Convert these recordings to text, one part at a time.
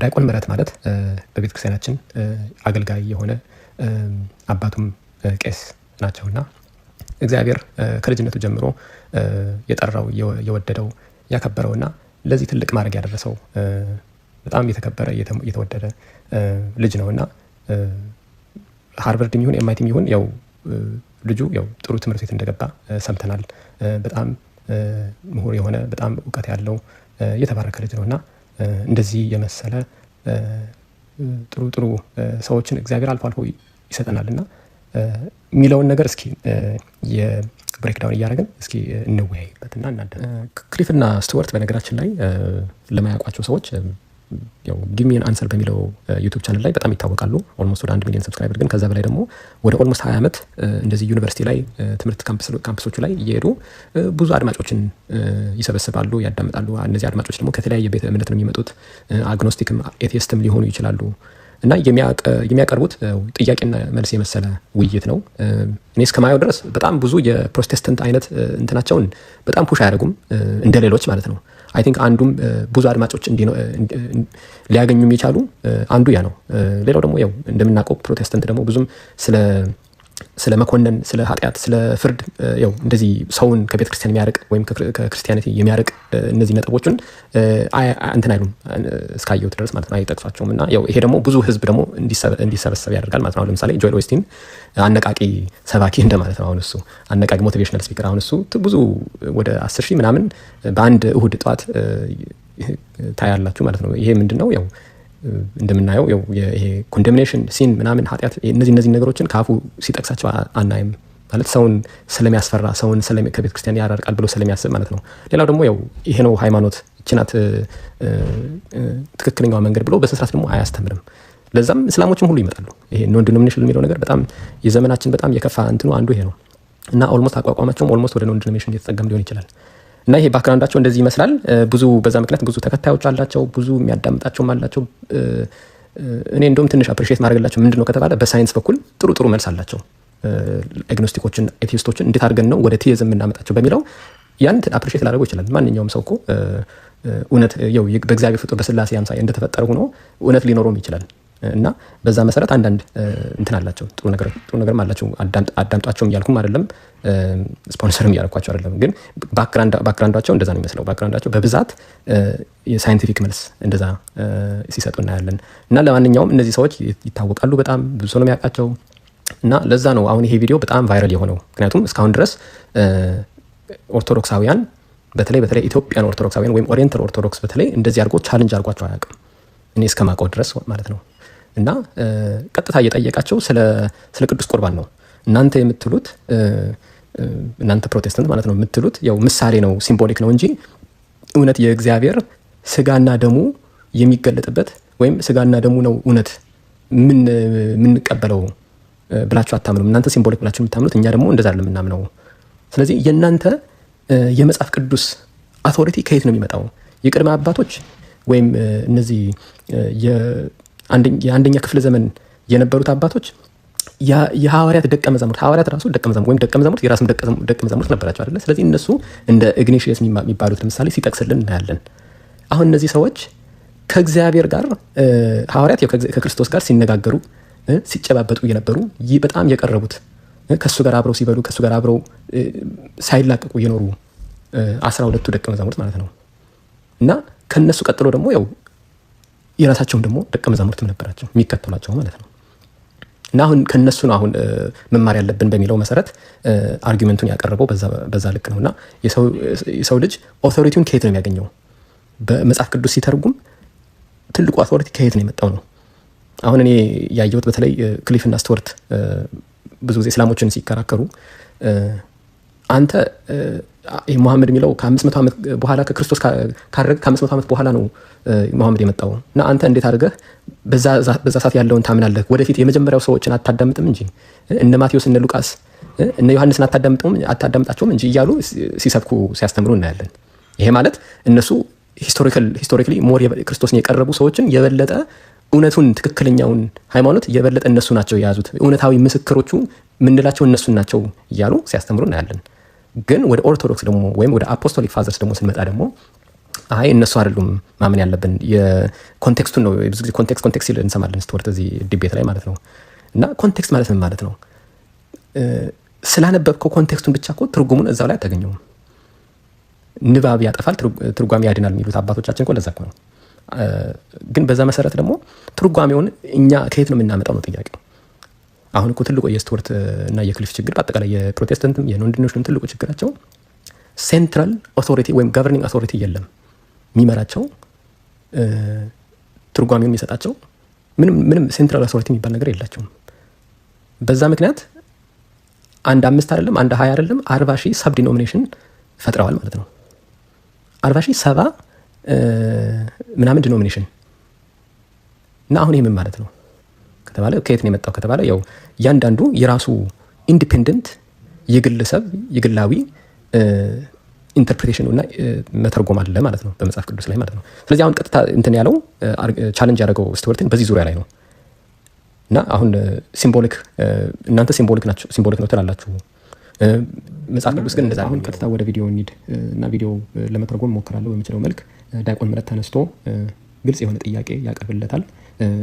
ዲያቆን ምረት ማለት በቤተ ክርስቲያናችን አገልጋይ የሆነ አባቱም ቄስ ናቸውና እግዚአብሔር ከልጅነቱ ጀምሮ የጠራው የወደደው እና ለዚህ ትልቅ ማድረግ ያደረሰው በጣም የተከበረ የተወደደ ልጅ ነውና ሃርቨርድም ይሁን ኤምአይቲም ይሁን ያው ልጁ ያው ጥሩ ትምህርት ቤት እንደገባ ሰምተናል። በጣም ምሁር የሆነ በጣም እውቀት ያለው የተባረከ ልጅ ነውና እንደዚህ የመሰለ ጥሩ ጥሩ ሰዎችን እግዚአብሔር አልፎ አልፎ ይሰጠናል እና የሚለውን ነገር እስኪ የብሬክዳውን እያደረግን እስኪ እንወያይበትና እናደ ክሊፍና ስቱወርት በነገራችን ላይ ለማያውቋቸው ሰዎች ያው አንሰር በሚለው ዩቱብ uh, ቻንል ላይ በጣም ይታወቃሉ። ኦልሞስት ወደ አንድ ሚሊዮን ሰብስክራይበር፣ ግን ከዛ በላይ ደግሞ ወደ ኦልሞስት ሀያ ዓመት እንደዚህ ዩኒቨርሲቲ ላይ uh, ትምህርት ካምፕሶቹ ላይ እየሄዱ uh, ብዙ አድማጮችን ይሰበስባሉ፣ ያዳምጣሉ። እነዚህ አድማጮች ደግሞ ከተለያየ ቤተ እምነት ነው የሚመጡት። አግኖስቲክም ኤቴስትም ሊሆኑ ይችላሉ። እና የሚያቀርቡት ጥያቄና መልስ የመሰለ ውይይት ነው። እኔ እስከማየው ድረስ በጣም ብዙ የፕሮቴስታንት አይነት እንትናቸውን በጣም ፑሽ አያደርጉም እንደ ሌሎች ማለት ነው። አይ ቲንክ አንዱም ብዙ አድማጮች ሊያገኙም የቻሉ አንዱ ያ ነው። ሌላው ደግሞ ያው እንደምናውቀው ፕሮቴስታንት ደግሞ ብዙም ስለ ስለ መኮነን፣ ስለ ኃጢአት፣ ስለ ፍርድ ው እንደዚህ ሰውን ከቤተ ክርስቲያን የሚያርቅ ወይም ከክርስቲያኒቲ የሚያርቅ እነዚህ ነጥቦችን እንትን አይሉም እስካየሁት ድረስ ማለት ነው፣ አይጠቅሷቸውም። እና ያው ይሄ ደግሞ ብዙ ህዝብ ደግሞ እንዲሰበሰብ ያደርጋል ማለት ነው። አሁን ለምሳሌ ጆል ኦስቲን አነቃቂ ሰባኪ እንደማለት ነው። አሁን እሱ አነቃቂ ሞቲቬሽናል ስፒከር፣ አሁን እሱ ብዙ ወደ አስር ሺህ ምናምን በአንድ እሁድ ጠዋት ታያላችሁ ማለት ነው። ይሄ ምንድን ነው ያው እንደምናየው ይሄ ኮንደምኔሽን ሲን ምናምን ኃጢአት እነዚህ እነዚህ ነገሮችን ከአፉ ሲጠቅሳቸው አናይም። ማለት ሰውን ስለሚያስፈራ ሰውን ከቤተ ክርስቲያን ያራርቃል ብሎ ስለሚያስብ ማለት ነው። ሌላው ደግሞ ያው ይሄ ነው ሃይማኖት፣ ችናት ትክክለኛው መንገድ ብሎ በስነስርዓት ደግሞ አያስተምርም። ለዛም እስላሞችም ሁሉ ይመጣሉ። ይሄ ኖን ዲኖሚኔሽን የሚለው ነገር በጣም የዘመናችን በጣም የከፋ እንትኑ አንዱ ይሄ ነው እና ኦልሞስት አቋቋማቸውም ኦልሞስት ወደ ኖን ዲኖሚኔሽን እየተጠገም ሊሆን ይችላል። እና ይሄ ባክግራውንዳቸው እንደዚህ ይመስላል። ብዙ በዛ ምክንያት ብዙ ተከታዮች አላቸው፣ ብዙ የሚያዳምጣቸውም አላቸው። እኔ እንደውም ትንሽ አፕሪሺየት ማድረግላቸው ምንድን ነው ከተባለ በሳይንስ በኩል ጥሩ ጥሩ መልስ አላቸው። አግኖስቲኮችን ኤቲስቶችን እንዴት አድርገን ነው ወደ ቲዝም የምናመጣቸው በሚለው ያን አፕሪሼት ላደርገው ይችላል። ማንኛውም ሰው እኮ እውነት በእግዚአብሔር ፍጡር በስላሴ አምሳያ እንደተፈጠረ ሆኖ እውነት ሊኖረውም ይችላል። እና በዛ መሰረት አንዳንድ እንትን አላቸው ጥሩ ነገር ጥሩ ነገርም አላቸው። አዳምጧቸውም እያልኩም አይደለም ስፖንሰርም እያልኳቸው አይደለም። ግን ባክግራንዳቸው እንደዛ ነው የሚመስለው። ባክግራንዳቸው በብዛት የሳይንቲፊክ መልስ እንደዛ ሲሰጡ እናያለን። እና ለማንኛውም እነዚህ ሰዎች ይታወቃሉ። በጣም ብዙ ነው የሚያውቃቸው። እና ለዛ ነው አሁን ይሄ ቪዲዮ በጣም ቫይራል የሆነው። ምክንያቱም እስካሁን ድረስ ኦርቶዶክሳውያን በተለይ በተለይ ኢትዮጵያን ኦርቶዶክሳውያን ወይም ኦሪየንታል ኦርቶዶክስ በተለይ እንደዚህ አድርጎ ቻለንጅ አርጓቸው አያውቅም እኔ እስከማቀው ድረስ ማለት ነው። እና ቀጥታ እየጠየቃቸው ስለ ቅዱስ ቁርባን ነው። እናንተ የምትሉት እናንተ ፕሮቴስታንት ማለት ነው የምትሉት ያው ምሳሌ ነው፣ ሲምቦሊክ ነው እንጂ እውነት የእግዚአብሔር ስጋና ደሙ የሚገለጥበት ወይም ስጋና ደሙ ነው እውነት የምንቀበለው ብላችሁ አታምኑም። እናንተ ሲምቦሊክ ብላችሁ የምታምኑት፣ እኛ ደግሞ እንደዛ አለ የምናምነው። ስለዚህ የእናንተ የመጽሐፍ ቅዱስ አውቶሪቲ ከየት ነው የሚመጣው? የቅድመ አባቶች ወይም እነዚህ የአንደኛ ክፍለ ዘመን የነበሩት አባቶች የሐዋርያት ደቀ መዛሙርት ሐዋርያት ራሱ ደቀ መዛሙርት ወይም ደቀ መዛሙርት የራሱም ደቀ መዛሙርት ነበራቸው አይደለ? ስለዚህ እነሱ እንደ እግኔሽየስ የሚባሉት ለምሳሌ ሲጠቅስልን እናያለን። አሁን እነዚህ ሰዎች ከእግዚአብሔር ጋር ሐዋርያት ከክርስቶስ ጋር ሲነጋገሩ ሲጨባበጡ የነበሩ በጣም የቀረቡት ከእሱ ጋር አብረው ሲበሉ ከእሱ ጋር አብረው ሳይላቀቁ የኖሩ አስራ ሁለቱ ደቀ መዛሙርት ማለት ነው እና ከነሱ ቀጥሎ ደግሞ ያው የራሳቸውም ደግሞ ደቀ መዛሙርትም ነበራቸው የሚከተሏቸው ማለት ነው። እና አሁን ከእነሱ ነው አሁን መማር ያለብን በሚለው መሰረት አርጊመንቱን ያቀረበው በዛ ልክ ነው። እና የሰው ልጅ ኦቶሪቲውን ከየት ነው የሚያገኘው? በመጽሐፍ ቅዱስ ሲተርጉም ትልቁ አቶሪቲ ከየት ነው የመጣው ነው። አሁን እኔ ያየሁት በተለይ ክሊፍና ስትወርት ብዙ ጊዜ እስላሞችን ሲከራከሩ አንተ ሙሐመድ የሚለው ከ500 ዓመት በኋላ ከክርስቶስ ካረግ ከ500 ዓመት በኋላ ነው ሙሐመድ የመጣው እና አንተ እንዴት አድርገህ በዛ ሰዓት ያለውን ታምናለህ? ወደፊት የመጀመሪያው ሰዎችን አታዳምጥም እንጂ እነ ማቴዎስ እነ ሉቃስ እነ ዮሐንስን አታዳምጣቸውም እንጂ እያሉ ሲሰብኩ ሲያስተምሩ እናያለን። ይሄ ማለት እነሱ ሂስቶሪካሊ ሞር ክርስቶስን የቀረቡ ሰዎችን የበለጠ እውነቱን ትክክለኛውን ሃይማኖት የበለጠ እነሱ ናቸው የያዙት። እውነታዊ ምስክሮቹ ምንላቸው እነሱን ናቸው እያሉ ሲያስተምሩ እናያለን። ግን ወደ ኦርቶዶክስ ደግሞ ወይም ወደ አፖስቶሊክ ፋዘርስ ደግሞ ስንመጣ ደግሞ አይ እነሱ አይደሉም ማመን ያለብን የኮንቴክስቱን ነው። ብዙ ጊዜ ኮንቴክስት ኮንቴክስት ሲል እንሰማለን ስትወርት እዚህ ዲቤት ላይ ማለት ነው። እና ኮንቴክስት ማለት ምን ማለት ነው? ስላነበብከው ኮንቴክስቱን ብቻ ኮ ትርጉሙን እዛው ላይ አታገኘውም። ንባብ ያጠፋል ትርጓሜ ያድናል የሚሉት አባቶቻችን ኮ ለዛ ነው። ግን በዛ መሰረት ደግሞ ትርጓሜውን እኛ ከየት ነው የምናመጣው ነው ጥያቄ። አሁን እኮ ትልቁ የስቱወርት እና የክሊፍ ችግር በአጠቃላይ የፕሮቴስታንትም የኖንዲኖሽንም ትልቁ ችግራቸው ሴንትራል ኦቶሪቲ ወይም ጋቨርኒንግ ኦቶሪቲ የለም። የሚመራቸው ትርጓሚውን የሚሰጣቸው ምንም ሴንትራል ኦቶሪቲ የሚባል ነገር የላቸውም። በዛ ምክንያት አንድ አምስት አይደለም አንድ ሀያ አይደለም አርባ ሺህ ሰብ ዲኖሚኔሽን ፈጥረዋል ማለት ነው። አርባ ሺህ ሰባ ምናምን ዲኖሚኔሽን እና አሁን ይህ ምን ማለት ነው? ከተባለ ከየት ነው የመጣው ከተባለ ያው እያንዳንዱ የራሱ ኢንዲፔንደንት የግለሰብ የግላዊ ኢንተርፕሬቴሽን እና መተርጎም አለ ማለት ነው በመጽሐፍ ቅዱስ ላይ ማለት ነው። ስለዚህ አሁን ቀጥታ እንትን ያለው ቻለንጅ ያደረገው ስትወርትን በዚህ ዙሪያ ላይ ነው እና አሁን ሲምቦሊክ እናንተ ሲምቦሊክ ናቸው ሲምቦሊክ ነው ትላላችሁ መጽሐፍ ቅዱስ ግን እንደዛ። አሁን ቀጥታ ወደ ቪዲዮ እንሂድ እና ቪዲዮ ለመተርጎም ሞክራለሁ በምችለው መልክ ዲያቆን ምህረት ተነስቶ ግልጽ የሆነ ጥያቄ ያቀርብለታል።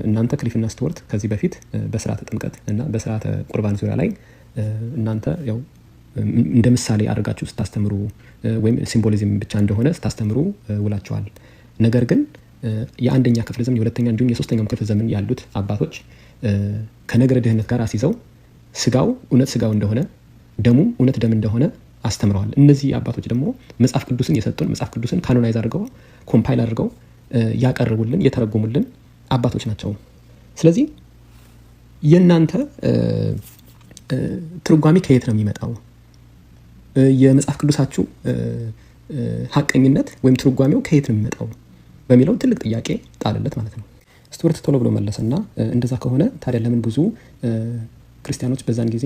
እናንተ ክሊፍና ስትወርት ከዚህ በፊት በስርዓተ ጥምቀት እና በስርዓተ ቁርባን ዙሪያ ላይ እናንተ ያው እንደ ምሳሌ አድርጋችሁ ስታስተምሩ ወይም ሲምቦሊዝም ብቻ እንደሆነ ስታስተምሩ ውላቸዋል። ነገር ግን የአንደኛ ክፍል ዘመን የሁለተኛ እንዲሁም የሶስተኛውም ክፍል ዘመን ያሉት አባቶች ከነገረ ድህነት ጋር አስይዘው ስጋው እውነት ስጋው እንደሆነ ደሙም እውነት ደም እንደሆነ አስተምረዋል። እነዚህ አባቶች ደግሞ መጽሐፍ ቅዱስን የሰጡን መጽሐፍ ቅዱስን ካኖናይዝ አድርገው ኮምፓይል አድርገው ያቀርቡልን የተረጎሙልን አባቶች ናቸው ስለዚህ የእናንተ ትርጓሜ ከየት ነው የሚመጣው የመጽሐፍ ቅዱሳችሁ ሀቀኝነት ወይም ትርጓሜው ከየት ነው የሚመጣው በሚለው ትልቅ ጥያቄ ጣልለት ማለት ነው ስቱርት ቶሎ ብሎ መለሰና እንደዛ ከሆነ ታዲያ ለምን ብዙ ክርስቲያኖች በዛን ጊዜ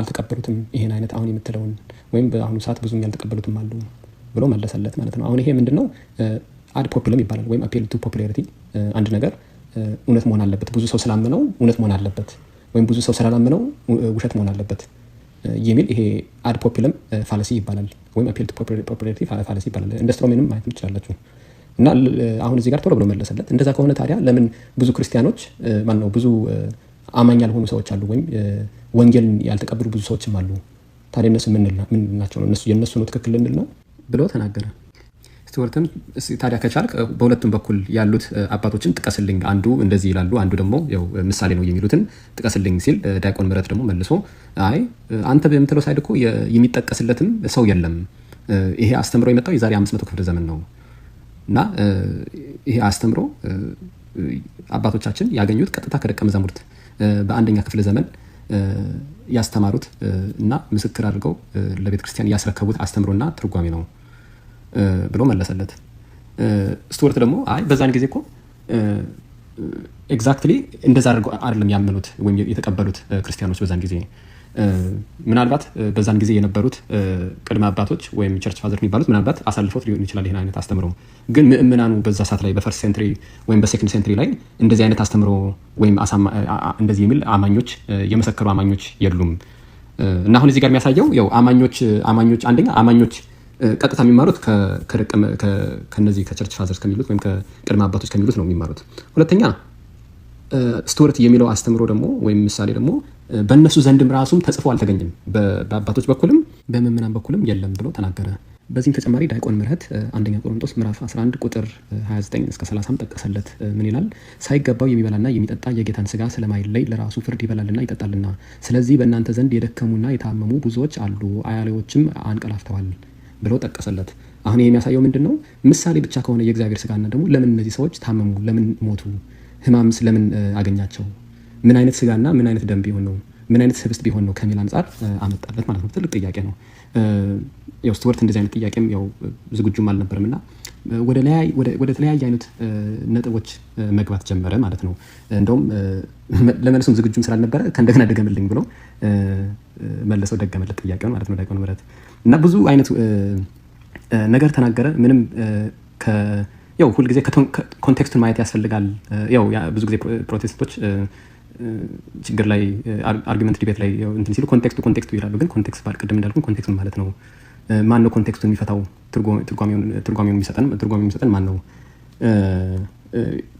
አልተቀበሉትም ይሄን አይነት አሁን የምትለውን ወይም በአሁኑ ሰዓት ብዙ ያልተቀበሉትም አሉ ብሎ መለሰለት ማለት ነው አሁን ይሄ ምንድነው አድ ፖፕለም ይባላል ወይም አፒል ቱ ፖፕላሪቲ አንድ ነገር uh, እውነት መሆን አለበት፣ ብዙ ሰው ስላመነው እውነት መሆን አለበት ወይም ብዙ ሰው ስላላመነው uh, ውሸት መሆን አለበት uh, የሚል ይሄ አድ ፖፕለም ፋለሲ ይባላል ወይም አፒል ቱ ፖፕላሪቲ ፋለሲ ይባላል። እንደ ስትሮሜንም ማየት ትችላላችሁ። እና አሁን እዚህ ጋር ቶሎ ብሎ መለሰለት። እንደዛ ከሆነ ታዲያ ለምን ብዙ ክርስቲያኖች ማነው ብዙ አማኝ ያልሆኑ ሰዎች አሉ፣ ወይም ወንጌልን ያልተቀበሉ ብዙ ሰዎችም አሉ። ታዲያ እነሱ ምን ነው የእነሱ ነው ትክክል ልንል ነው ብሎ ተናገረ። ስትወርትም ታዲያ ከቻልክ በሁለቱም በኩል ያሉት አባቶችን ጥቀስልኝ፣ አንዱ እንደዚህ ይላሉ፣ አንዱ ደግሞ ያው ምሳሌ ነው የሚሉትን ጥቀስልኝ ሲል ዲያቆን ምረት ደግሞ መልሶ አይ አንተ በምትለው ሳይድ እኮ የሚጠቀስለትም ሰው የለም፣ ይሄ አስተምሮ የመጣው የዛሬ መቶ ክፍለ ዘመን ነው እና ይሄ አስተምሮ አባቶቻችን ያገኙት ቀጥታ ከደቀ መዛሙርት በአንደኛ ክፍለ ዘመን ያስተማሩት እና ምስክር አድርገው ለቤተክርስቲያን ያስረከቡት አስተምሮና ትርጓሜ ነው። ብሎ መለሰለት። ስቱወርት ደግሞ አይ በዛን ጊዜ እኮ ኤግዛክትሊ እንደዛ አድርገው አይደለም ያመኑት ወይም የተቀበሉት ክርስቲያኖች በዛን ጊዜ ምናልባት በዛን ጊዜ የነበሩት ቅድመ አባቶች ወይም ቸርች ፋዘር የሚባሉት ምናልባት አሳልፎት ሊሆን ይችላል ይህን አይነት አስተምሮ። ግን ምእምናኑ በዛ ሰዓት ላይ በፈርስት ሴንትሪ ወይም በሴኮንድ ሴንትሪ ላይ እንደዚህ አይነት አስተምሮ ወይም እንደዚህ የሚል አማኞች የመሰከሩ አማኞች የሉም እና አሁን እዚህ ጋር የሚያሳየው ያው አማኞች አማኞች አንደኛ አማኞች ቀጥታ የሚማሩት ከነዚህ ከቸርች ፋዘርስ ከሚሉት ወይም ከቅድመ አባቶች ከሚሉት ነው የሚማሩት። ሁለተኛ ስቱርት የሚለው አስተምሮ ደግሞ ወይም ምሳሌ ደግሞ በእነሱ ዘንድም ራሱም ተጽፎ አልተገኘም፣ በአባቶች በኩልም በምዕመናን በኩልም የለም ብሎ ተናገረ። በዚህም ተጨማሪ ዲያቆን ምህረት አንደኛ ቆሮንጦስ ምዕራፍ 11 ቁጥር 29 እስከ 30 ጠቀሰለት። ምን ይላል? ሳይገባው የሚበላና የሚጠጣ የጌታን ስጋ ስለማይለይ ለራሱ ፍርድ ይበላልና ይጠጣልና። ስለዚህ በእናንተ ዘንድ የደከሙና የታመሙ ብዙዎች አሉ፣ አያሌዎችም አንቀላፍተዋል። ብሎ ጠቀሰለት። አሁን ይህ የሚያሳየው ምንድን ነው? ምሳሌ ብቻ ከሆነ የእግዚአብሔር ስጋና ደግሞ ለምን እነዚህ ሰዎች ታመሙ? ለምን ሞቱ? ህማምስ ለምን አገኛቸው? ምን አይነት ስጋና ምን አይነት ደም ቢሆን ነው ምን አይነት ህብስት ቢሆን ነው ከሚል አንጻር አመጣለት ማለት ነው። ትልቅ ጥያቄ ነው። ያው ስቱወርት እንደዚህ አይነት ጥያቄም ያው ዝግጁም አልነበርም እና ወደ ተለያየ አይነት ነጥቦች መግባት ጀመረ ማለት ነው። እንደውም ለመልሱም ዝግጁም ስላልነበረ ከእንደገና ደገምልኝ ብሎ መለሰው ደገመለት ጥያቄውን ማለት ነው። ደቀ ምረት እና ብዙ አይነት ነገር ተናገረ። ምንም ያው ሁልጊዜ ኮንቴክስቱን ማየት ያስፈልጋል። ያው ብዙ ጊዜ ፕሮቴስቶች ችግር ላይ አርጊመንት ዲቤት ላይ እንትን ሲሉ ኮንቴክስቱ ኮንቴክስቱ ይላሉ። ግን ኮንቴክስት ባል ቅድም እንዳልኩ ኮንቴክስት ማለት ነው ማን ነው ኮንቴክስቱ የሚፈታው ትርጓሜውን የሚሰጠን ማን ነው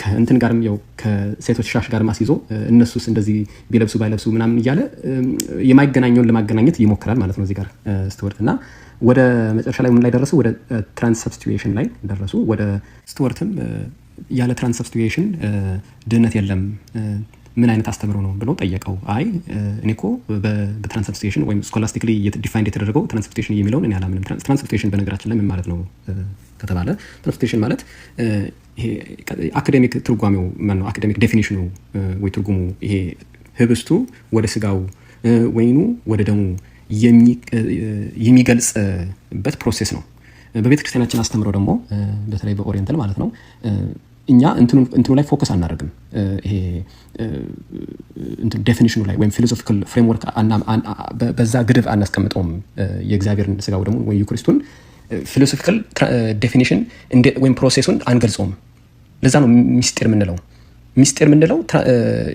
ከእንትን ጋርም ያው ከሴቶች ሻሽ ጋር ማስይዞ እነሱስ እንደዚህ ቢለብሱ ባይለብሱ ምናምን እያለ የማይገናኘውን ለማገናኘት ይሞክራል ማለት ነው። እዚህ ጋር ስትወርት እና ወደ መጨረሻ ላይ ምን ላይ ደረሱ? ወደ ትራንስ ሰብስቲዌሽን ላይ ደረሱ። ወደ ስትወርትም ያለ ትራንስ ሰብስቲዌሽን ድህነት የለም ምን አይነት አስተምሮ ነው ብሎ ጠየቀው። አይ እኔ እኮ በትራንስብስቴሽን ወይም ስኮላስቲክሊ ዲፋይንድ የተደረገው ትራንስብስቴሽን የሚለውን እኔ አላምንም። ትራንስብስቴሽን በነገራችን ላይ ምን ማለት ነው ከተባለ ትራንስብስቴሽን ማለት ይሄ አካዴሚክ ትርጓሜው ማነው አካዴሚክ ዴፊኒሽኑ ወይ ትርጉሙ ይሄ ህብስቱ ወደ ስጋው ወይኑ ወደ ደሙ የሚገልጽበት ፕሮሴስ ነው። በቤተ ክርስቲያናችን አስተምረው ደግሞ በተለይ በኦሪንታል ማለት ነው እኛ እንትኑ ላይ ፎከስ አናደርግም። ይሄ ዴፊኒሽኑ ላይ ወይም ፊሎሶፊካል ፍሬምወርክ በዛ ግድብ አናስቀምጠውም። የእግዚአብሔርን ስጋው ደግሞ ወይ ዩክሪስቱን ፊሎሶፊካል ዴፊኒሽን ወይም ፕሮሴሱን አንገልጸውም። ለዛ ነው ሚስጢር የምንለው። ሚስጢር የምንለው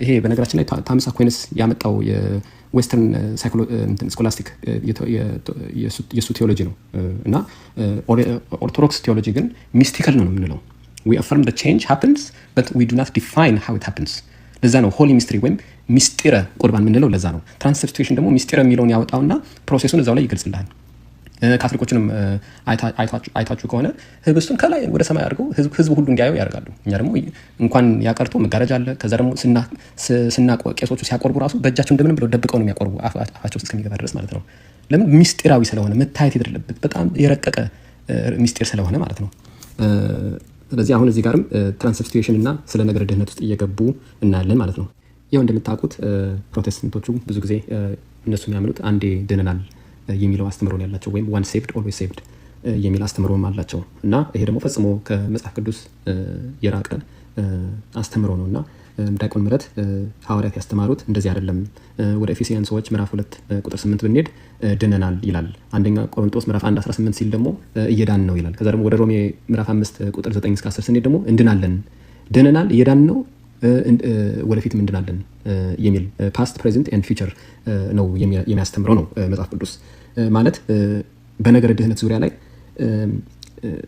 ይሄ በነገራችን ላይ ታምስ አኩይነስ ያመጣው የዌስተርን ስኮላስቲክ የሱ ቴዎሎጂ ነው እና ኦርቶዶክስ ቴዎሎጂ ግን ሚስቲካል ነው የምንለው። ፈርም ቼንጅ ሃፕንስ በት ዊ ዱ ናት ዲፋይን ሃው ኢት ሃፕንስ። ለዛ ነው ሆሊ ሚስትሪ ወይም ሚስጢረ ቁርባን የምንለው። ለዛ ነው ትራንስስቲቱሽን ደግሞ ሚስጢረ የሚለውን ያወጣውና ፕሮሴሱን እዛው ላይ ይገልጽልሃል። ካቶሊኮችንም አይታችሁ ከሆነ ህብስቱን ከላይ ወደ ሰማይ አድርገው ህዝብ ሁሉ እንዲያየው ያደርጋሉ። እኛ ደግሞ እንኳን ያቀርቶ መጋረጃ አለ። ከዛ ደግሞ ስናቆ ቄሶቹ ሲያቆርቡ ራሱ በእጃቸው እንደምንም ብለው ደብቀው ነው የሚያቆርቡ አፋቸው እስከሚገባ ድረስ ማለት ነው። ለምን ሚስጢራዊ ስለሆነ መታየት የደለበት በጣም የረቀቀ ሚስጢር ስለሆነ ማለት ነው። ስለዚህ አሁን እዚህ ጋርም ትራንስብስቲዩሽን እና ስለ ነገረ ድህነት ውስጥ እየገቡ እናያለን ማለት ነው። ያው እንደምታውቁት ፕሮቴስታንቶቹ ብዙ ጊዜ እነሱ የሚያምኑት አንዴ ድነናል የሚለው አስተምሮ ያላቸው ወይም ዋን ሴቭድ ኦልዌይስ ሴቭድ የሚል አስተምሮም አላቸው እና ይሄ ደግሞ ፈጽሞ ከመጽሐፍ ቅዱስ የራቀ አስተምሮ ነው እና ዲያቆን ምረት ሐዋርያት ያስተማሩት እንደዚህ አይደለም። ወደ ኤፌሲያን ሰዎች ምዕራፍ 2 ቁጥር 8 ብንሄድ ድነናል ይላል። አንደኛ ቆሮንጦስ ምዕራፍ 1 18 ሲል ደግሞ እየዳን ነው ይላል። ከዛ ደግሞ ወደ ሮሜ ምዕራፍ 5 ቁጥር 9 እስከ 10 ስንሄድ ደግሞ እንድናለን፣ ድነናል፣ እየዳን ነው ወደፊት ምንድናለን የሚል ፓስት ፕሬዘንት ኤንድ ፊውቸር ነው የሚያስተምረው ነው መጽሐፍ ቅዱስ ማለት በነገረ ድህነት ዙሪያ ላይ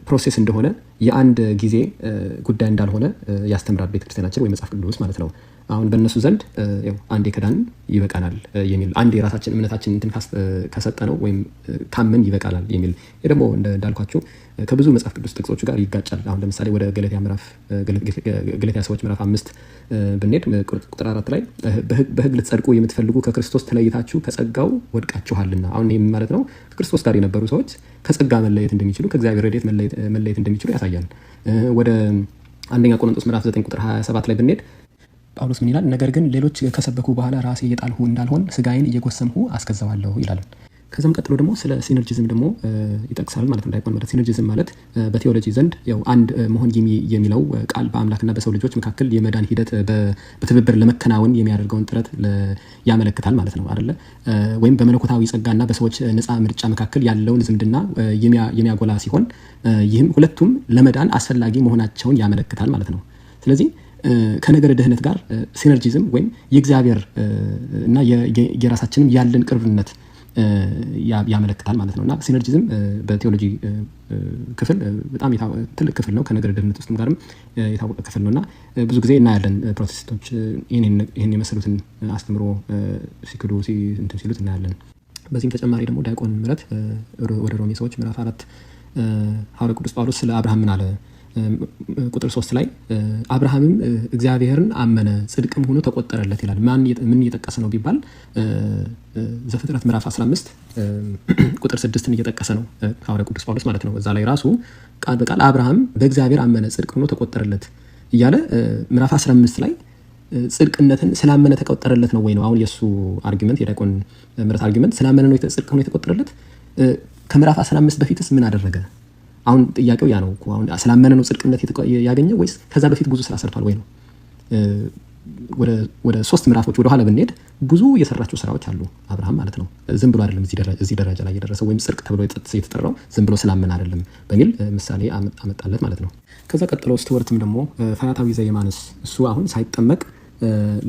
ፕሮሴስ እንደሆነ የአንድ ጊዜ ጉዳይ እንዳልሆነ ያስተምራል ቤተክርስቲያናችን ወይ መጽሐፍ ቅዱስ ማለት ነው። አሁን በእነሱ ዘንድ አንዴ ከዳን ይበቃናል የሚል አንዴ የራሳችን እምነታችን እንትን ከሰጠ ነው ወይም ካምን ይበቃላል የሚል ይህ ደግሞ እንዳልኳችሁ ከብዙ መጽሐፍ ቅዱስ ጥቅሶቹ ጋር ይጋጫል። አሁን ለምሳሌ ወደ ገለትያ ሰዎች ምዕራፍ አምስት ብንሄድ ቁጥር አራት ላይ በህግ ልትጸድቁ የምትፈልጉ ከክርስቶስ ተለይታችሁ ከጸጋው ወድቃችኋልና። አሁን ይህም ማለት ነው ከክርስቶስ ጋር የነበሩ ሰዎች ከጸጋ መለየት እንደሚችሉ ከእግዚአብሔር ረዴት መለየት እንደሚችሉ ያሳያል። ወደ አንደኛ ቆሮንጦስ ምዕራፍ 9 ቁጥር 27 ላይ ብንሄድ ጳውሎስ ምን ይላል? ነገር ግን ሌሎች ከሰበኩ በኋላ ራሴ እየጣልሁ እንዳልሆን ስጋዬን እየጎሰምሁ አስገዛዋለሁ ይላል። ከዛም ቀጥሎ ደግሞ ስለ ሲነርጂዝም ደግሞ ይጠቅሳል ማለት ነው ዲያቆን ሲነርጂዝም ማለት በቴዎሎጂ ዘንድ ያው አንድ መሆን የሚለው ቃል በአምላክና በሰው ልጆች መካከል የመዳን ሂደት በትብብር ለመከናወን የሚያደርገውን ጥረት ያመለክታል ማለት ነው አይደለ? ወይም በመለኮታዊ ጸጋና በሰዎች ነፃ ምርጫ መካከል ያለውን ዝምድና የሚያጎላ ሲሆን ይህም ሁለቱም ለመዳን አስፈላጊ መሆናቸውን ያመለክታል ማለት ነው። ስለዚህ ከነገረ ድህነት ጋር ሲነርጂዝም ወይም የእግዚአብሔር እና የራሳችንም ያለን ቅርብነት ያመለክታል ማለት ነው እና ሲነርጂዝም በቴዎሎጂ ክፍል በጣም ትልቅ ክፍል ነው። ከነገር ድህነት ውስጥም ጋርም የታወቀ ክፍል ነው እና ብዙ ጊዜ እናያለን ፕሮቴስቶች ይህን የመሰሉትን አስተምሮ ሲክዱ እንትን ሲሉት እናያለን። በዚህም ተጨማሪ ደግሞ ዲያቆን ምረት ወደ ሮሜ ሰዎች ምራፍ አራት ሀረ ቅዱስ ጳውሎስ ስለ አብርሃም ምን አለ ቁጥር ሶስት ላይ አብርሃምም እግዚአብሔርን አመነ ጽድቅም ሆኖ ተቆጠረለት ይላል። ማን ምን እየጠቀሰ ነው ቢባል ዘፍጥረት ምዕራፍ 15 ቁጥር ስድስትን እየጠቀሰ ነው ሐዋርያው ቅዱስ ጳውሎስ ማለት ነው። እዛ ላይ ራሱ ቃል በቃል አብርሃም በእግዚአብሔር አመነ ጽድቅ ሆኖ ተቆጠረለት እያለ ምዕራፍ 15 ላይ ጽድቅነትን ስላመነ ተቆጠረለት ነው ወይ ነው አሁን የእሱ አርጊመንት የዲያቆን ምህረት አርጊመንት ስላመነ ነው ጽድቅ ሆኖ የተቆጠረለት ከምዕራፍ 15 በፊትስ ምን አደረገ አሁን ጥያቄው ያ ነው እኮ አሁን ስላመነ ነው ጽድቅነት ያገኘው ወይስ ከዛ በፊት ብዙ ስራ ሰርቷል ወይ ነው? ወደ ሶስት ምዕራፎች ወደኋላ ብንሄድ ብዙ የሰራቸው ስራዎች አሉ አብርሃም ማለት ነው። ዝም ብሎ አይደለም እዚህ ደረጃ ላይ የደረሰው ወይም ጽድቅ ተብሎ የተጠራው ዝም ብሎ ስላመነ አይደለም በሚል ምሳሌ አመጣለት ማለት ነው። ከዛ ቀጥሎ ስቱወርትም ደግሞ ፈያታዊ ዘየማንስ እሱ አሁን ሳይጠመቅ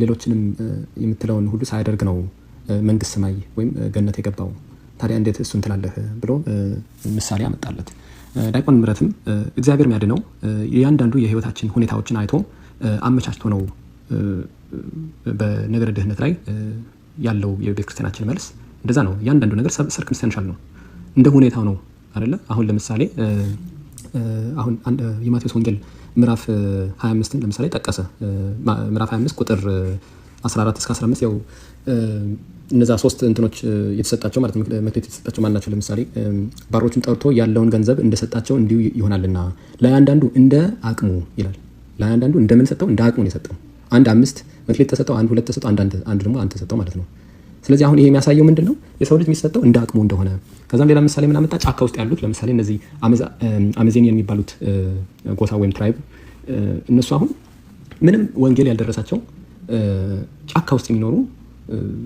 ሌሎችንም የምትለውን ሁሉ ሳያደርግ ነው መንግስት ሰማይ ወይም ገነት የገባው። ታዲያ እንዴት እሱን ትላለህ ብሎ ምሳሌ አመጣለት። ዲያቆን ምረትም እግዚአብሔር የሚያድነው እያንዳንዱ የህይወታችን ሁኔታዎችን አይቶ አመቻችቶ ነው በነገረ ድህነት ላይ ያለው የቤተክርስቲያናችን መልስ እንደዛ ነው። እያንዳንዱ ነገር ሰርከምስታንሻል ነው፣ እንደ ሁኔታው ነው አደለ። አሁን ለምሳሌ አሁን የማቴዎስ ወንጌል ምዕራፍ 25ን ለምሳሌ ጠቀሰ። ምዕራፍ 25 ቁጥር 14 እስከ 15 ያው እነዛ ሶስት እንትኖች የተሰጣቸው ማለት መክሌት የተሰጣቸው ማናቸው ናቸው። ለምሳሌ ባሮችን ጠርቶ ያለውን ገንዘብ እንደሰጣቸው እንዲሁ ይሆናልና ለአንዳንዱ እንደ አቅሙ ይላል። ለአንዳንዱ እንደምን ሰጠው? እንደ አቅሙ ነው የሰጠው። አንድ አምስት መክሌት ተሰጠው፣ አንድ ሁለት ተሰጠው፣ አንድ ደግሞ አንድ ተሰጠው ማለት ነው። ስለዚህ አሁን ይሄ የሚያሳየው ምንድን ነው? የሰው ልጅ የሚሰጠው እንደ አቅሙ እንደሆነ። ከዛም ሌላ ምሳሌ ምናመጣ ጫካ ውስጥ ያሉት ለምሳሌ እነዚህ አመዜን የሚባሉት ጎሳ ወይም ትራይብ እነሱ አሁን ምንም ወንጌል ያልደረሳቸው ጫካ ውስጥ የሚኖሩ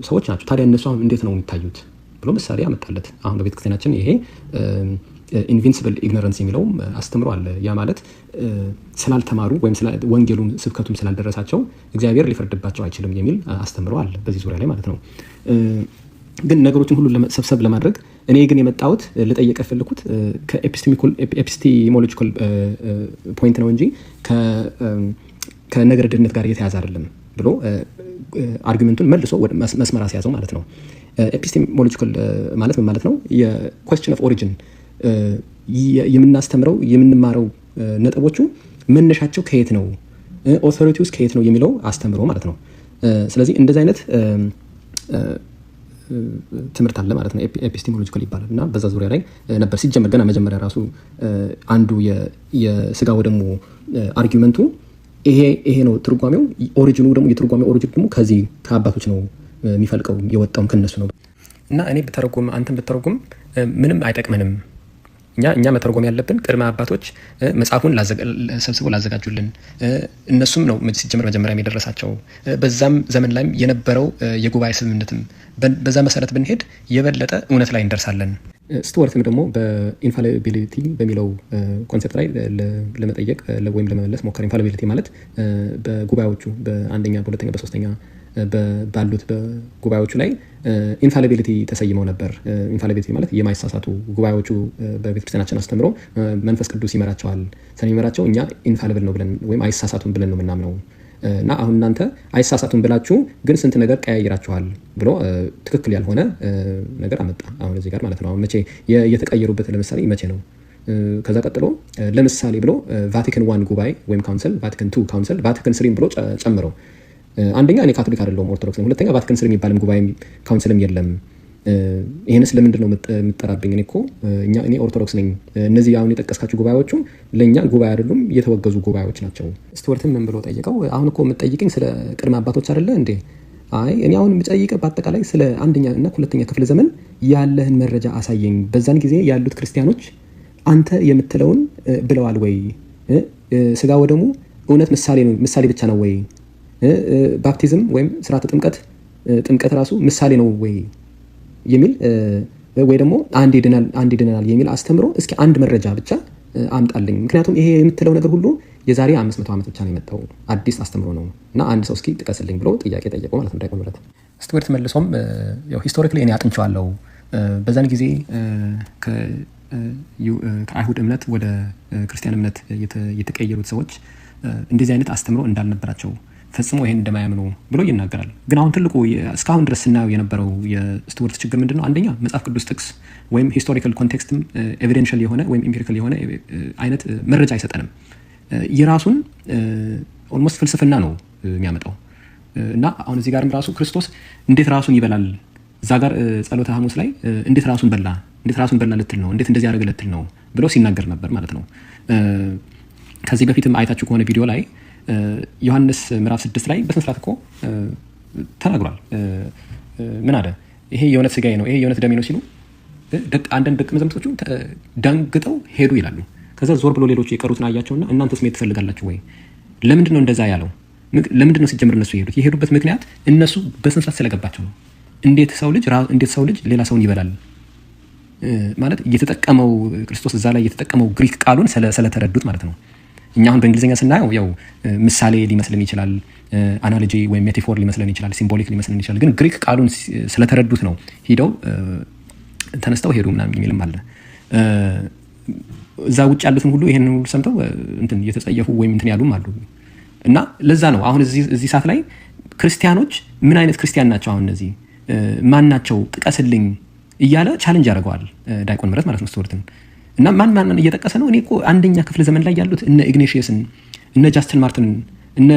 ሰዎች ናቸው። ታዲያ እነሱ አሁን እንዴት ነው የሚታዩት ብሎ ምሳሌ አመጣለት። አሁን በቤተ ይሄ ኢንቪንስብል ኢግኖረንስ የሚለውም አስተምሮ አለ። ያ ማለት ስላልተማሩ ወይም ወንጌሉም ስብከቱም ስላልደረሳቸው እግዚአብሔር ሊፈርድባቸው አይችልም የሚል አስተምሮ አለ በዚህ ዙሪያ ላይ ማለት ነው። ግን ነገሮችን ሁሉ ሰብሰብ ለማድረግ እኔ ግን የመጣሁት ልጠየቅ የፈለኩት ከኤፒስቲሞሎጂካል ፖይንት ነው እንጂ ከነገረ ድነት ጋር እየተያዘ አይደለም ብሎ አርጊመንቱን መልሶ ወደ መስመር አስያዘው ማለት ነው። ኤፒስቴሞሎጂካል ማለት ምን ማለት ነው? የኮስችን ኦፍ ኦሪጅን የምናስተምረው የምንማረው ነጥቦቹ መነሻቸው ከየት ነው፣ ኦቶሪቲ ውስጥ ከየት ነው የሚለው አስተምሮ ማለት ነው። ስለዚህ እንደዚህ አይነት ትምህርት አለ ማለት ነው። ኤፒስቴሞሎጂካል ይባላል እና በዛ ዙሪያ ላይ ነበር ሲጀመር ገና መጀመሪያ ራሱ አንዱ የስጋ ወደሞ አርጊመንቱ ይሄ ይሄ ነው ትርጓሜው። ኦሪጂኑ ደግሞ የትርጓሜው ኦሪጂን ደግሞ ከዚህ ከአባቶች ነው የሚፈልቀው የወጣው ከነሱ ነው እና እኔ ብተረጉም አንተን ብተረጉም ምንም አይጠቅመንም። እኛ እኛ መተርጎም ያለብን ቅድመ አባቶች መጽሐፉን ሰብስቦ ላዘጋጁልን እነሱም ነው ሲጀምር መጀመሪያ የደረሳቸው በዛም ዘመን ላይም የነበረው የጉባኤ ስምምነትም በዛ መሰረት ብንሄድ የበለጠ እውነት ላይ እንደርሳለን። ስቱዋርትም ደግሞ በኢንፋሊቢሊቲ በሚለው ኮንሴፕት ላይ ለመጠየቅ ወይም ለመመለስ ሞከር። ኢንፋሊቢሊቲ ማለት በጉባኤዎቹ በአንደኛ፣ በሁለተኛ፣ በሶስተኛ ባሉት ጉባኤዎቹ ላይ ኢንፋሊቢሊቲ ተሰይመው ነበር። ኢንፋሊቢሊቲ ማለት የማይሳሳቱ ጉባኤዎቹ በቤተክርስቲያናችን አስተምሮ መንፈስ ቅዱስ ይመራቸዋል ስለሚመራቸው እኛ ኢንፋሊብል ነው ብለን ወይም አይሳሳቱም ብለን ነው የምናምነው እና አሁን እናንተ አይሳሳቱም ብላችሁ ግን ስንት ነገር ቀያይራችኋል ብሎ ትክክል ያልሆነ ነገር አመጣ። አሁን እዚህ ጋር ማለት ነው። አሁን መቼ የተቀየሩበት ለምሳሌ መቼ ነው? ከዛ ቀጥሎ ለምሳሌ ብሎ ቫቲካን ዋን ጉባኤ ወይም ካውንስል፣ ቫቲካን ቱ ካውንስል፣ ቫቲካን ስሪም ብሎ ጨምረው አንደኛ እኔ ካቶሊክ አይደለሁም፣ ኦርቶዶክስ ነኝ። ሁለተኛ ቫቲካን ስር የሚባልም ጉባኤም ካውንስልም የለም። ይህን ለምንድን ነው የምጠራብኝ? እኔ እኮ እኔ ኦርቶዶክስ ነኝ። እነዚህ አሁን የጠቀስካቸው ጉባኤዎቹ ለእኛ ጉባኤ አይደሉም፣ የተወገዙ ጉባኤዎች ናቸው። ስትወርትም ምን ብሎ ጠይቀው፣ አሁን እኮ የምጠይቅኝ ስለ ቅድመ አባቶች አይደለ እንዴ? አይ እኔ አሁን የምጠይቀ በአጠቃላይ ስለ አንደኛ እና ሁለተኛ ክፍለ ዘመን ያለህን መረጃ አሳየኝ። በዛን ጊዜ ያሉት ክርስቲያኖች አንተ የምትለውን ብለዋል ወይ? ስጋ ወደሙ እውነት ምሳሌ ብቻ ነው ወይ ባፕቲዝም ወይም ስርዓተ ጥምቀት ጥምቀት ራሱ ምሳሌ ነው ወይ የሚል ወይ ደግሞ አንድ ይድናል አንድ ይድናል የሚል አስተምሮ እስኪ አንድ መረጃ ብቻ አምጣልኝ። ምክንያቱም ይሄ የምትለው ነገር ሁሉ የዛሬ አምስት መቶ ዓመት ብቻ ነው የመጣው አዲስ አስተምሮ ነው እና አንድ ሰው እስኪ ጥቀስልኝ ብሎ ጥያቄ ጠየቀው ማለት ነው ዳግመ ምሕረት። መልሶም ሂስቶሪክሊ እኔ አጥንቸዋለው በዛን ጊዜ ከአይሁድ እምነት ወደ ክርስቲያን እምነት የተቀየሩት ሰዎች እንደዚህ አይነት አስተምሮ እንዳልነበራቸው ፈጽሞ ይሄን እንደማያምኑ ብሎ ይናገራል። ግን አሁን ትልቁ እስካሁን ድረስ ስናየው የነበረው የስትወርት ችግር ምንድን ነው? አንደኛ መጽሐፍ ቅዱስ ጥቅስ ወይም ሂስቶሪካል ኮንቴክስትም ኤቪደንሻል የሆነ ወይም ኤምፒሪካል የሆነ eh, አይነት eh, መረጃ አይሰጠንም። eh, የራሱን ኦልሞስት ፍልስፍና ነው የሚያመጣው እና አሁን እዚህ ጋርም ራሱ ክርስቶስ እንዴት ራሱን ይበላል እዛ ጋር ጸሎተ ሐሙስ ላይ እንዴት ራሱን በላ እንዴት ራሱን በላ ልትል ነው እንዴት እንደዚህ ያደረገ ልትል ነው ብሎ ሲናገር ነበር ማለት ነው። ከዚህ በፊትም አይታችሁ ከሆነ ቪዲዮ ላይ ዮሐንስ ምዕራፍ ስድስት ላይ በስነስርዓት እኮ ተናግሯል። ምን አለ? ይሄ የእውነት ስጋዬ ነው፣ ይሄ የእውነት ደሜ ነው ሲሉ አንዳንድ ደቀ መዛሙርቶቹ ደንግጠው ሄዱ ይላሉ። ከዛ ዞር ብሎ ሌሎቹ የቀሩትን አያቸውና እናንተ ስሜት ትፈልጋላችሁ ወይ? ለምንድን ነው እንደዛ ያለው? ለምንድን ነው ሲጀምር እነሱ የሄዱት? የሄዱበት ምክንያት እነሱ በስነስርዓት ስለገባቸው ነው። እንዴት ሰው ልጅ እንዴት ሰው ልጅ ሌላ ሰውን ይበላል ማለት እየተጠቀመው ክርስቶስ እዛ ላይ እየተጠቀመው ግሪክ ቃሉን ስለተረዱት ማለት ነው። እኛ አሁን በእንግሊዝኛ ስናየው ያው ምሳሌ ሊመስልን ይችላል፣ አናሎጂ ወይም ሜታፎር ሊመስለን ይችላል፣ ሲምቦሊክ ሊመስለን ይችላል። ግን ግሪክ ቃሉን ስለተረዱት ነው ሂደው ተነስተው ሄዱ ምናምን የሚልም አለ። እዛ ውጭ ያሉትን ሁሉ ይሄን ሁሉ ሰምተው እንትን እየተጸየፉ ወይም እንትን ያሉም አሉ። እና ለዛ ነው አሁን እዚህ ሰዓት ላይ ክርስቲያኖች ምን አይነት ክርስቲያን ናቸው? አሁን እነዚህ ማን ናቸው? ጥቀስልኝ እያለ ቻለንጅ ያደርገዋል ዳይቆን ምረት ማለት ነው እና ማን ማንን እየጠቀሰ ነው? እኔ እኮ አንደኛ ክፍለ ዘመን ላይ ያሉት እነ ኢግኔሽየስን፣ እነ ጃስትን ማርትንን፣ እነ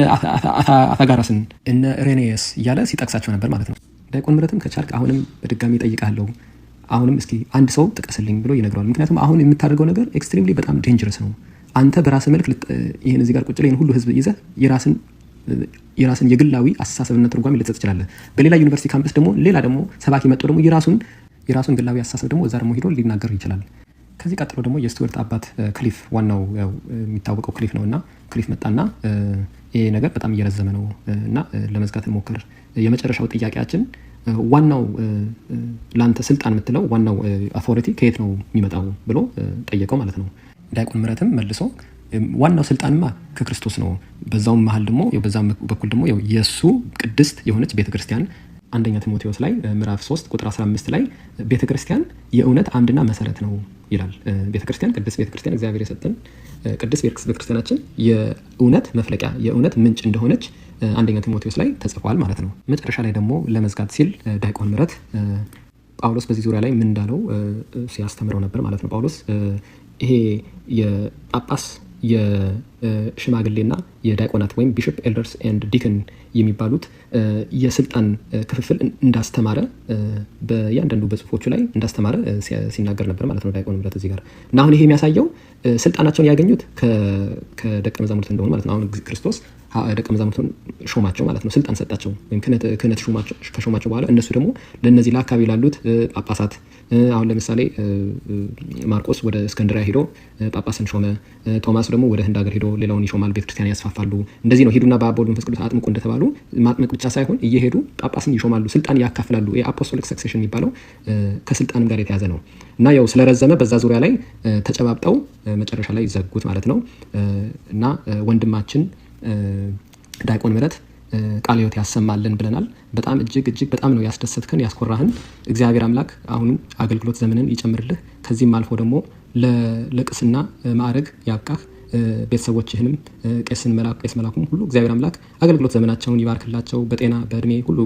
አታጋራስን፣ እነ ሬኔየስ እያለ ሲጠቅሳቸው ነበር ማለት ነው። ዲያቆን ምህረትም ከቻልክ አሁንም በድጋሚ እጠይቃለሁ፣ አሁንም እስኪ አንድ ሰው ጥቀስልኝ ብሎ ይነግረዋል። ምክንያቱም አሁን የምታደርገው ነገር ኤክስትሪምሊ በጣም ዴንጀረስ ነው። አንተ በራስህ መልክ ይህን እዚህ ጋር ቁጭ ላይ ሁሉ ህዝብ ይዘህ የራስን የራስን የግላዊ አስተሳሰብና ትርጓሜ ልትሰጥ ትችላለህ። በሌላ ዩኒቨርሲቲ ካምፕስ ደግሞ ሌላ ደግሞ ሰባኪ መጥቶ ደግሞ የራሱን የራሱን ግላዊ አስተሳሰብ ደግሞ እዛ ደግሞ ሄዶ ሊናገር ይችላል። ከዚህ ቀጥሎ ደግሞ የስቱዌርት አባት ክሊፍ ዋናው የሚታወቀው ክሊፍ ነው እና ክሊፍ መጣና ይሄ ነገር በጣም እየረዘመ ነው እና ለመዝጋት ሞክር። የመጨረሻው ጥያቄያችን ዋናው ለአንተ ስልጣን የምትለው ዋናው አውቶሪቲ ከየት ነው የሚመጣው ብሎ ጠየቀው ማለት ነው። ዲያቆን ምረትም መልሶ ዋናው ስልጣንማ ከክርስቶስ ነው፣ በዛውም መሀል ደግሞ በዛ በኩል ደግሞ የእሱ ቅድስት የሆነች ቤተክርስቲያን አንደኛ ቲሞቴዎስ ላይ ምዕራፍ 3 ቁጥር 15 ላይ ቤተክርስቲያን የእውነት አምድና መሰረት ነው ይላል። ቤተክርስቲያን ክርስቲያን ቤተክርስቲያን እግዚአብሔር የሰጠን ቅድስ ቤተ ክርስቲያናችን የእውነት መፍለቂያ የእውነት ምንጭ እንደሆነች አንደኛ ቲሞቴዎስ ላይ ተጽፏል ማለት ነው። መጨረሻ ላይ ደግሞ ለመዝጋት ሲል ዲያቆን ምረት ጳውሎስ በዚህ ዙሪያ ላይ ምን እንዳለው ሲያስተምረው ነበር ማለት ነው። ጳውሎስ ይሄ የጳጳስ የሽማግሌና የዲያቆናት ወይም ቢሾፕ ኤልደርስ ኤንድ ዲክን የሚባሉት የስልጣን ክፍፍል እንዳስተማረ በእያንዳንዱ በጽሁፎቹ ላይ እንዳስተማረ ሲናገር ነበር ማለት ነው። ዲያቆን ምረት እዚህ ጋር እና አሁን ይሄ የሚያሳየው ስልጣናቸውን ያገኙት ከደቀ መዛሙርት እንደሆኑ ማለት ነው። አሁን ክርስቶስ ደቀ መዛሙርቱን ሾማቸው ማለት ነው። ስልጣን ሰጣቸው ወይም ክህነት ከሾማቸው በኋላ እነሱ ደግሞ ለእነዚህ ለአካባቢ ላሉት ጳጳሳት አሁን ለምሳሌ ማርቆስ ወደ እስከንድሪያ ሄዶ ጳጳስን ሾመ። ቶማስ ደግሞ ወደ ህንድ ሀገር ሄዶ ሌላውን ይሾማል፣ ቤተክርስቲያን ያስፋፋሉ። እንደዚህ ነው ሄዱና በአብ ወወልድ ቅዱስ አጥምቁ እንደተባሉ ማጥመቅ ብቻ ሳይሆን እየሄዱ ጳጳስን ይሾማሉ፣ ስልጣን ያካፍላሉ። የአፖስቶሊክ ሰክሴሽን የሚባለው ከስልጣንም ጋር የተያዘ ነው እና ያው ስለረዘመ በዛ ዙሪያ ላይ ተጨባብጠው መጨረሻ ላይ ዘጉት ማለት ነው እና ወንድማችን ዲያቆን ምረት ቃለ ሕይወት ያሰማልን ብለናል። በጣም እጅግ እጅግ በጣም ነው ያስደሰትክን ያስኮራህን። እግዚአብሔር አምላክ አሁንም አገልግሎት ዘመንን ይጨምርልህ። ከዚህም አልፎ ደግሞ ለቅስና ማዕረግ ያብቃህ። ቤተሰቦችህንም ቄስን መላኩ ቄስ መላኩም ሁሉ እግዚአብሔር አምላክ አገልግሎት ዘመናቸውን ይባርክላቸው። በጤና በእድሜ ሁሉ